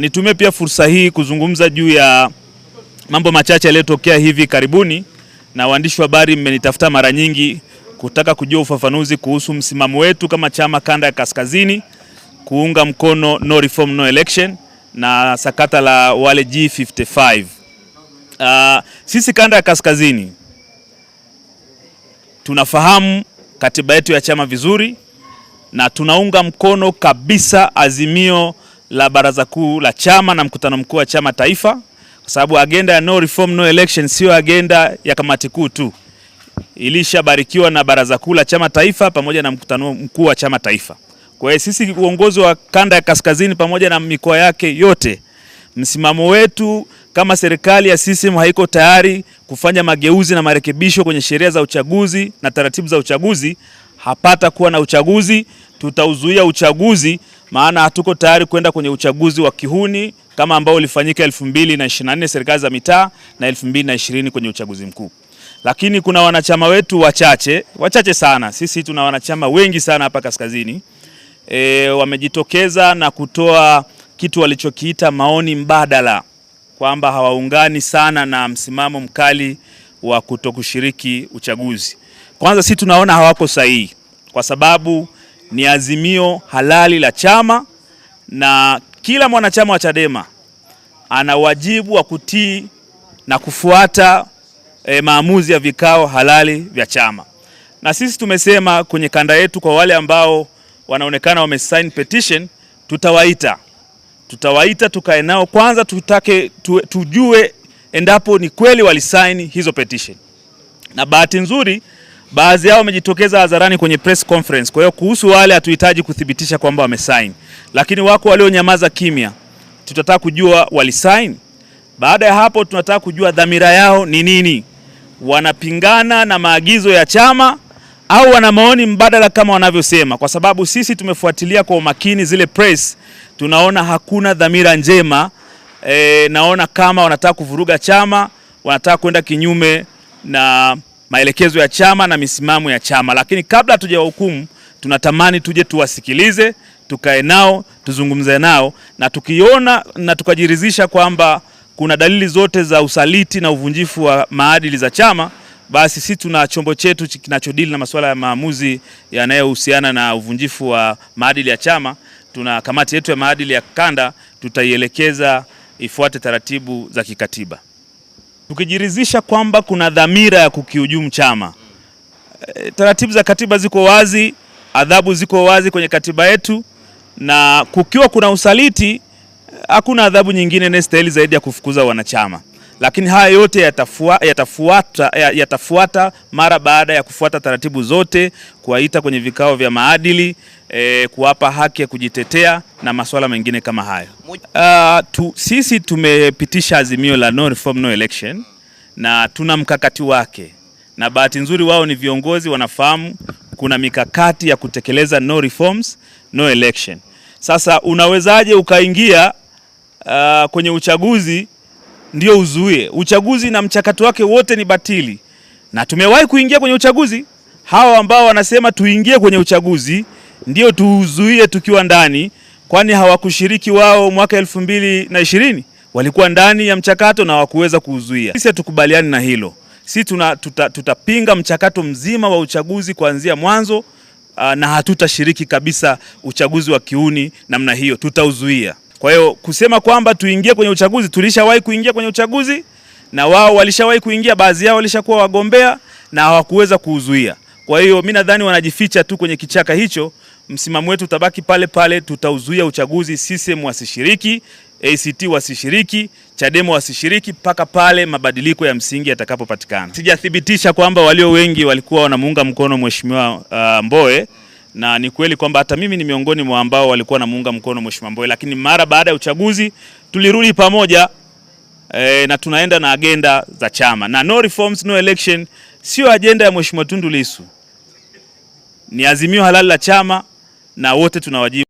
nitumie pia fursa hii kuzungumza juu ya mambo machache yaliyotokea hivi karibuni, na waandishi wa habari mmenitafuta mara nyingi kutaka kujua ufafanuzi kuhusu msimamo wetu kama chama kanda ya kaskazini kuunga mkono no reform no election na sakata la wale G55. Uh, ah, sisi kanda ya kaskazini tunafahamu katiba yetu ya chama vizuri na tunaunga mkono kabisa azimio la baraza kuu la chama na mkutano mkuu wa chama taifa, kwa sababu agenda ya no reform no election sio agenda ya kamati kuu tu, ilishabarikiwa na baraza kuu la chama taifa pamoja na mkutano mkuu wa chama taifa. Kwa hiyo sisi uongozi wa kanda ya kaskazini pamoja na mikoa yake yote, msimamo wetu kama serikali ya CCM haiko tayari kufanya mageuzi na marekebisho kwenye sheria za uchaguzi na taratibu za uchaguzi, hapata kuwa na uchaguzi, tutauzuia uchaguzi maana hatuko tayari kwenda kwenye uchaguzi wa kihuni kama ambao ulifanyika 2024 serikali za mitaa na 2020 kwenye uchaguzi mkuu. Lakini kuna wanachama wetu wachache, wachache sana, sisi tuna wanachama wengi sana hapa kaskazini e, wamejitokeza na kutoa kitu walichokiita maoni mbadala kwamba hawaungani sana na msimamo mkali wa kutokushiriki uchaguzi. Kwanza sisi tunaona hawako sahihi kwa sababu ni azimio halali la chama na kila mwanachama wa Chadema ana wajibu wa kutii na kufuata e, maamuzi ya vikao halali vya chama. Na sisi tumesema kwenye kanda yetu, kwa wale ambao wanaonekana wamesign petition, tutawaita tutawaita tukae nao kwanza, tutake tu, tujue endapo ni kweli walisaini hizo petition, na bahati nzuri Baadhi yao wamejitokeza hadharani kwenye press conference. Kwa hiyo kuhusu wale hatuhitaji kuthibitisha kwamba wamesign, lakini wako walionyamaza kimya, tutataka kujua walisign. Baada ya hapo, tunataka kujua dhamira yao ni nini, wanapingana na maagizo ya chama au wana maoni mbadala kama wanavyosema? Kwa sababu sisi tumefuatilia kwa umakini zile press, tunaona hakuna dhamira njema. E, naona kama wanataka kuvuruga chama, wanataka kwenda kinyume na maelekezo ya chama na misimamo ya chama, lakini kabla hatujawahukumu tunatamani tuje tuwasikilize, tukae nao, tuzungumze nao, na tukiona na tukajiridhisha kwamba kuna dalili zote za usaliti na uvunjifu wa maadili za chama, basi sisi tuna chombo chetu kinachodili na masuala ya maamuzi yanayohusiana na uvunjifu wa maadili ya chama. Tuna kamati yetu ya maadili ya kanda, tutaielekeza ifuate taratibu za kikatiba tukijiridhisha kwamba kuna dhamira ya kukihujumu chama. E, taratibu za katiba ziko wazi, adhabu ziko wazi kwenye katiba yetu, na kukiwa kuna usaliti, hakuna adhabu nyingine inayostahili zaidi ya kufukuza wanachama lakini haya yote yatafuata yatafuata yatafuata mara baada ya kufuata taratibu zote, kuwaita kwenye vikao vya maadili e, kuwapa haki ya kujitetea na masuala mengine kama hayo. Uh, tu, sisi tumepitisha azimio la no reform, no election na tuna mkakati wake, na bahati nzuri wao ni viongozi wanafahamu kuna mikakati ya kutekeleza no reforms, no election. Sasa unawezaje ukaingia uh, kwenye uchaguzi ndio uzuie uchaguzi na mchakato wake wote ni batili. Na tumewahi kuingia kwenye uchaguzi. Hawa ambao wanasema tuingie kwenye uchaguzi ndio tuuzuie tukiwa ndani, kwani hawakushiriki wao mwaka elfu mbili na ishirini walikuwa ndani ya mchakato na hawakuweza kuuzuia. Sisi hatukubaliani na hilo. Sisi tuna, tuta, tutapinga mchakato mzima wa uchaguzi kuanzia mwanzo, ah, na hatutashiriki kabisa uchaguzi wa kiuni namna hiyo, tutauzuia. Kwa hiyo kusema kwamba tuingie kwenye uchaguzi, tulishawahi kuingia kwenye uchaguzi na wao walishawahi kuingia, baadhi yao walishakuwa wagombea na hawakuweza kuuzuia. Kwa hiyo mimi nadhani wanajificha tu kwenye kichaka hicho. Msimamo wetu utabaki pale pale, tutauzuia uchaguzi. CCM wasishiriki, ACT wasishiriki, Chadema wasishiriki mpaka pale mabadiliko ya msingi yatakapopatikana. Sijathibitisha kwamba walio wengi walikuwa wanamuunga mkono mheshimiwa uh, Mbowe na ni kweli kwamba hata mimi ni miongoni mwa ambao walikuwa namuunga mkono Mheshimiwa Mbowe, lakini mara baada ya uchaguzi tulirudi pamoja e, na tunaenda na agenda za chama na no reforms, no election sio ajenda ya Mheshimiwa Tundu Lissu, ni azimio halali la chama na wote tuna wajibu